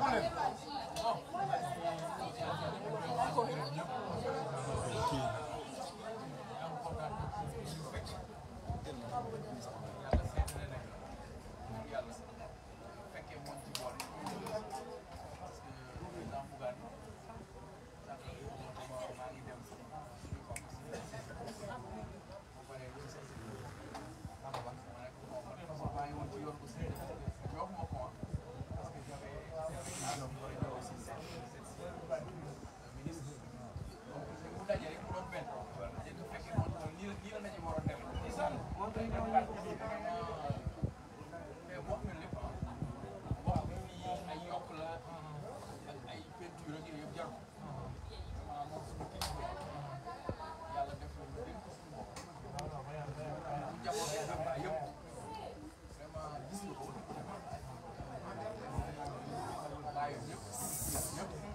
Tá com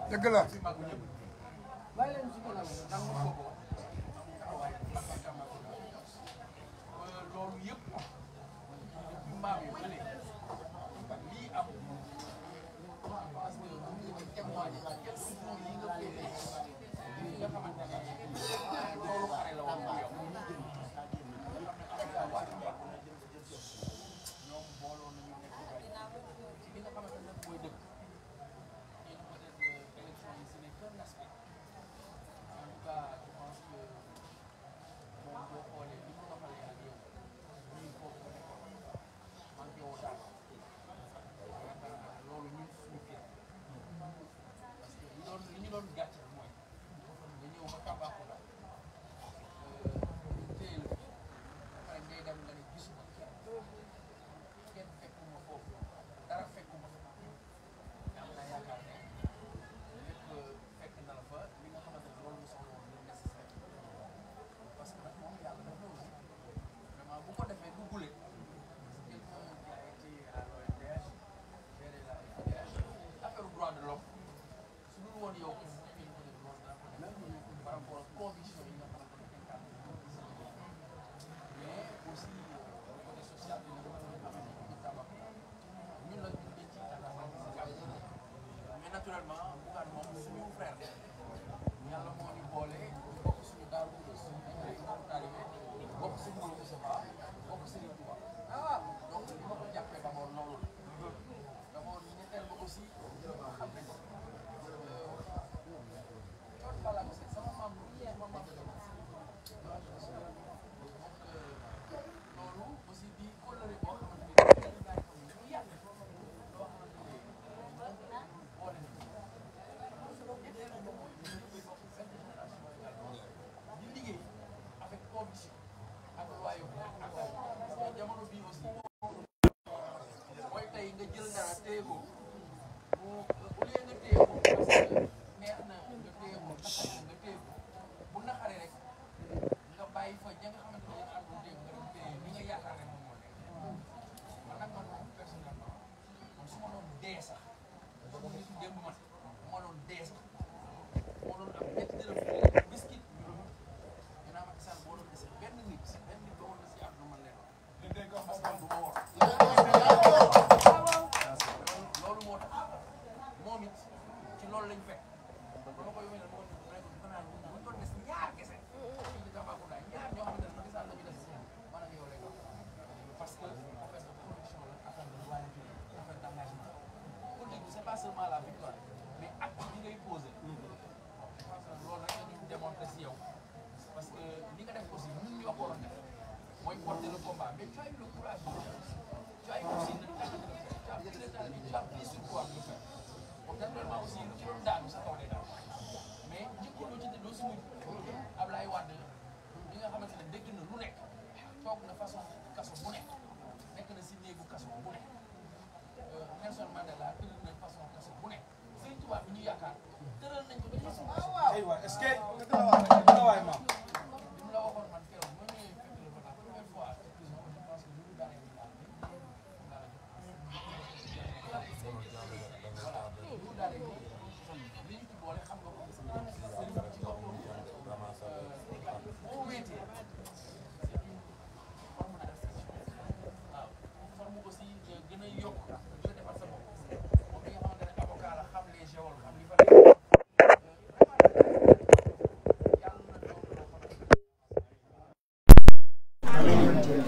dëgg la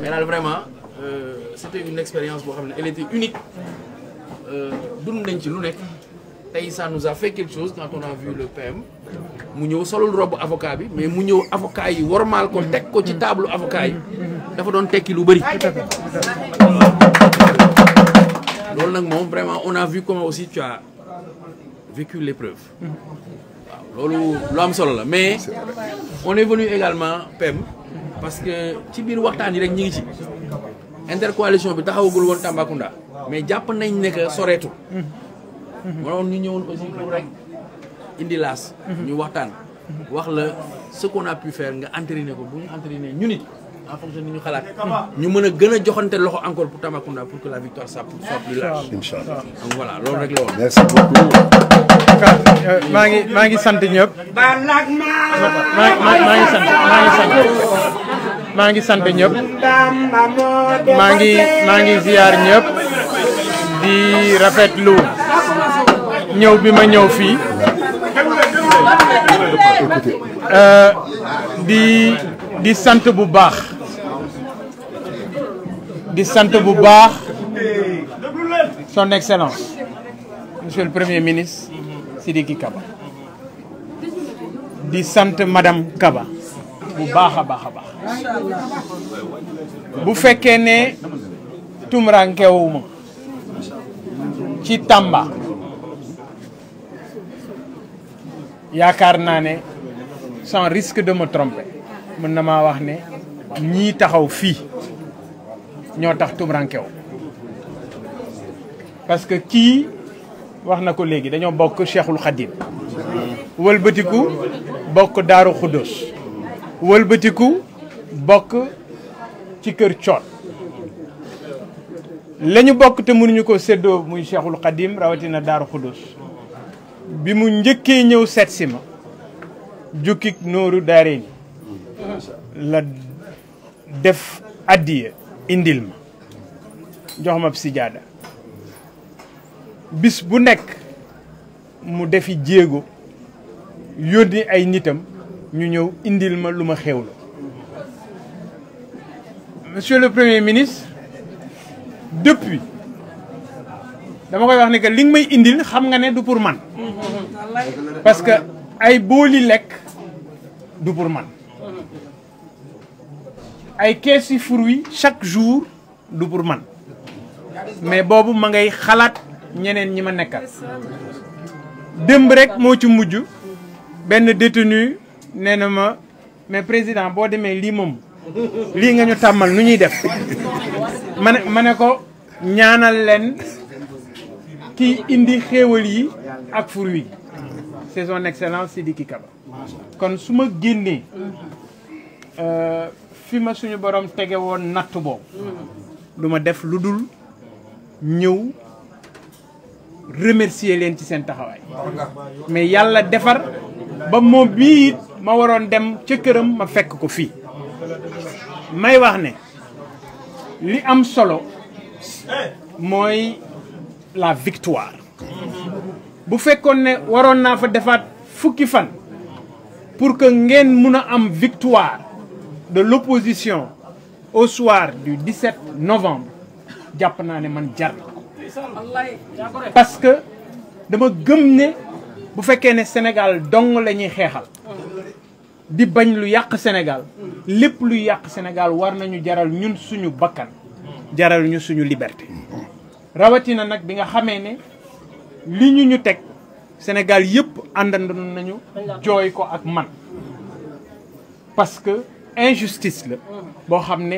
mais daal vraiment euh, c'était une expérience boo xam ne elle était unique euh, dund nañ ci lu nekk tey ça nous a fait quelque a vu le mu ñëw solul robu avocat bi mais mu ñëw avocat yi warmaal ko teg ko ci table avocat yi dafa doon tekki lu bëri loolu nag moom vraiment on a vu comment aussi tu as vécu l'épreuve waaw loolu lu am solo la mais on est venu également PM parce que ci biir waxtaan yi rek ñi ngi ci intercoalition bi taxawagul woon Tambacounda mais jàpp nañ ne que soreetul monoon ñu ñëwoon aussi pour rek indi laas ñu waxtaan wax la ce qu'on a pu faire nga entraîner ko bu ñu entraîner ñu nit en fonction ni ñu xalaat ñu mën a gën a joxante loxo encore pour Tambacounda pour que la victoire soit plus large inchallah voilà loolu rek la woon maa ngi maa ngi sant ñëpp maa ngi sant ñëpp maa ngi maa ngi ziar ñëpp di rafetlu ñëw bi ma ñëw fii euh, di sant bu baax di sant bu baax son excellence monsieur le premier ministre Sidiki Kaba sant madame Kaba bu baax a baax a baax bu fekkee ne tumurankewuma ci tàmba yaakaar naa ne sans risque de me tromper mën na maa wax ne ñii taxaw fii ñoo tax tumrankew parce que kii wax na ko léegi dañoo bokk Cheikhul Khadim wëlbatiku bokk Daaru Xuddoos wëlbatiku bokk ci kër coon la bokk te mënuñu ko séddoo muy cheikhul xadim rawatina daaru xudus bi mu njëkkee ñëw seet si ma jukkik nooru daareeni la def addiya indil ma jox ma sijaada bis bu nekk mu defi jéego yónni ay nitam ñu ñëw indil ma lu ma xewlu monsieur le premier ministre depuis dama koy wax ne que li nga may indil xam nga ne du pour man parce que ay booli lekk du pour man ay kees yi fruits chaque jour du pour man mais boobu ma ngay xalaat ñeneen ñi ma nekkal démb rek moo ci mujj benn détenu nee na ma mais président boo demee lii moom lii nga ñu tàmmal nu ñuy def ma ne ma ne ko ñaanal leen ki indi xéewal yi ak fur wi c'est son excellence Sidiki Kaba kon su ma génnee euh, fi ma suñu boroom tege woon natt boobu du ma def lu dul ñëw remercier leen ci seen taxawaay mais yàlla defar ba moom bii ma waroon dem ca këram ma fekk ko fii may wax ne li am solo mooy la victoire bu fekkoon ne waroon naa fa defaat fukki fan pour que ngeen mun a am victoire de l'opposition au soir du set novembre jàpp naa ne man jar parce que dama gëm ne bu fekkee ne Sénégal dong la ñuy xeexal di bañ lu yàq senegal lépp lu yàq Sénégal war nañu jaral ñun suñu bakkan jaral ñu suñu liberté rawatina nag bi nga xamee ne li ñu ñu teg Sénégal yëpp àndandoon nañu jooy ko ak man parce que injustice la boo xam ne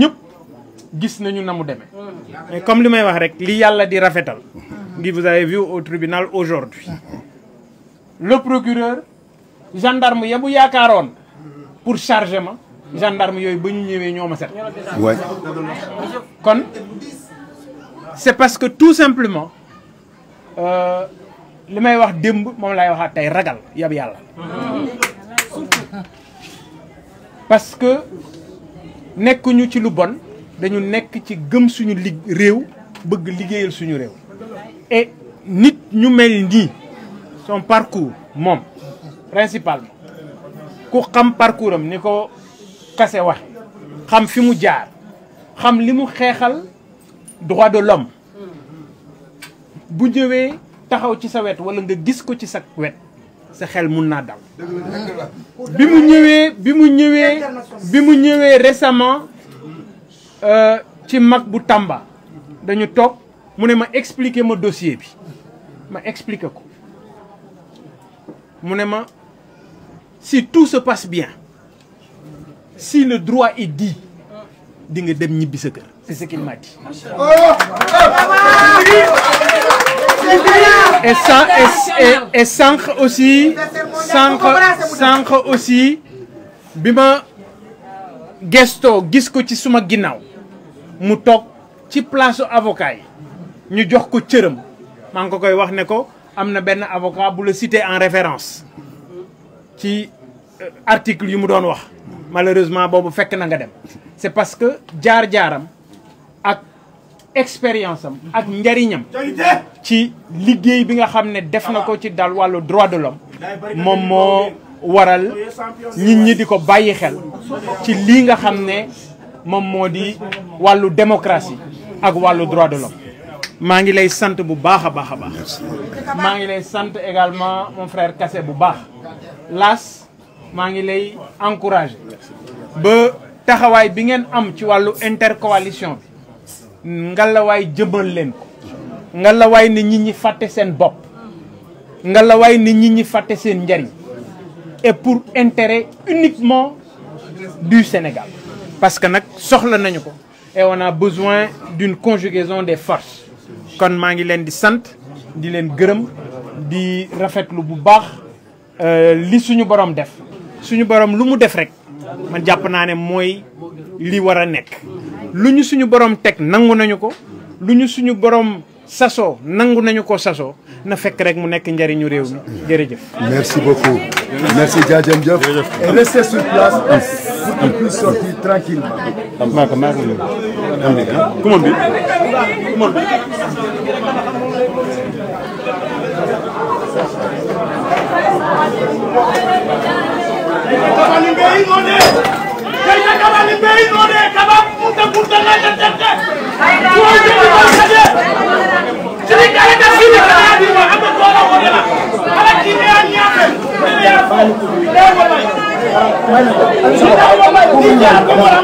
ñëpp gis nañu na mu demee mais comme li may wax rek li yàlla di rafetal ngi vous avez au tribunal aujourd'hui gendarme ya bu yaakaaroon pour charger ma gendarme yooyu ba ñu ñëwee ñoo ma set kon c'est parce que tout simplement euh, li may wax démb moom lay waxaat tey ragal yab yàlla parce que nekkuñu ci lu bon dañu nekk ci gëm suñu lig réew bëgg liggéeyal suñu réew et nit ñu mel nii son parcours moom principalement ku xam parcours am ni ko kase wax xam fi mu jaar xam li mu xeexal droit de l'homme bu ñëwee taxaw ci sa wet walla nga gis ko ci sa wet sa xel mun naa dal bi mu ñëwee bi mu ñëwee bi mu ñëwee récemment euh, ci mag bu Tamba dañu toog mu ne ma expliquer ma dossier bi ma expliquer ko mu ne ma si tout se passe bien si le droit est di dinga dem ñibbi sa kër c'est et san aussi sànq sànq aussi bi ma gestoo gis ko ci suma ginnaaw mu toog ci place avocat yi ñu jox ko cëram maa ko koy wax ne ko am na benn avocat bu la cité en référence ci euh, article yu mu doon wax malheureusement boobu fekk na nga dem c'est parce que jaar-jaaram ak expérience am ak njariñam ci liggéey bi nga xam ne def na ko ci dal wàllu droit de l'homme moom moo waral nit ñi di ko bàyyi xel ci lii nga xam ne moom moo di wàllu démocratie ak wàllu droit de l'homme maa ngi lay sant bu baax a baax a baax maa ngi lay sant également mon frère Kassé bu baax laas maa ngi lay encouragé ba taxawaay bi ngeen am ci wàllu intercoalition bi ngalawaay jëmal leen ko ngalawaay ne nit ñi fàtte seen bopp ngalawaay ne nit ñi fàtte seen njariñ et pour intérêt uniquement du Sénégal parce que nag soxla nañu ko et naa a besoin d'une conjugaison des forces kon maa ngi leen di sant di leen gërëm di rafetlu bu baax Euh, li suñu borom def suñu borom lu mu def rek ma jàpp naa ne mooy li war a nekk lu ñu suñu borom teg nangu nañu ko lu ñu suñu borom sasoo nangu nañu ko sasoo na fekk rek mu nekk njëriñu réew mi jërëjëf. merci beaucoup Kabalimbe inone. Kaita kabalimbe inone. Kabab muta muta na tete. Tuoje ni basaje. Sini kare ka sini kare ni ma amba kola wole la. Ala kine ani ame. Ele ya. Ele wala. Sini wala. Dija kamara